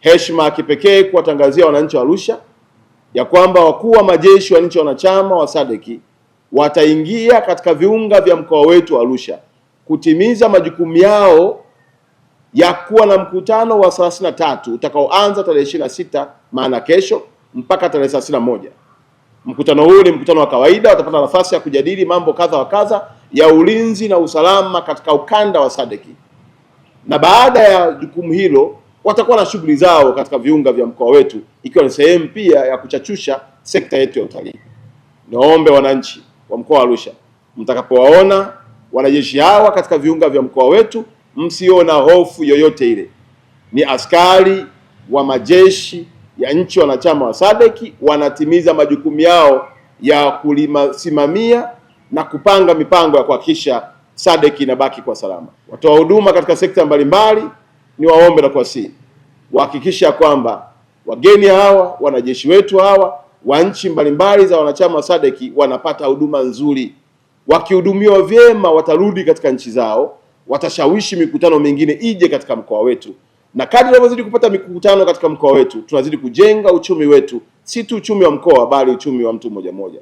heshima ya kipekee kuwatangazia wananchi wa Arusha ya kwamba wakuu wa majeshi wa nchi wanachama wa Sadeki wataingia katika viunga vya mkoa wetu wa Arusha kutimiza majukumu yao ya kuwa na mkutano wa 33 utakaoanza tarehe 26 maana kesho mpaka tarehe moja Mkutano huu ni mkutano wa kawaida, watapata nafasi ya kujadili mambo kadha wa kadha ya ulinzi na usalama katika ukanda wa Sadeki, na baada ya jukumu hilo watakuwa na shughuli zao katika viunga vya mkoa wetu, ikiwa ni sehemu pia ya kuchachusha sekta yetu ya utalii. Niwaombe wananchi wa mkoa wa Arusha, mtakapowaona wanajeshi hawa katika viunga vya mkoa wetu, msiona hofu yoyote ile. Ni askari wa majeshi ya nchi wanachama wa SADC, wanatimiza majukumu yao ya kulisimamia na kupanga mipango ya kuhakikisha SADC inabaki kwa salama. Watoa huduma katika sekta mbalimbali ni waombe na kuwasihi wahakikisha kwamba wageni hawa wanajeshi wetu hawa wa nchi mbalimbali za wanachama wa sadeki wanapata huduma nzuri. Wakihudumiwa vyema, watarudi katika nchi zao, watashawishi mikutano mingine ije katika mkoa wetu, na kadri tunavyozidi kupata mikutano katika mkoa wetu, tunazidi kujenga uchumi wetu, si tu uchumi wa mkoa, bali uchumi wa mtu mmoja mmoja.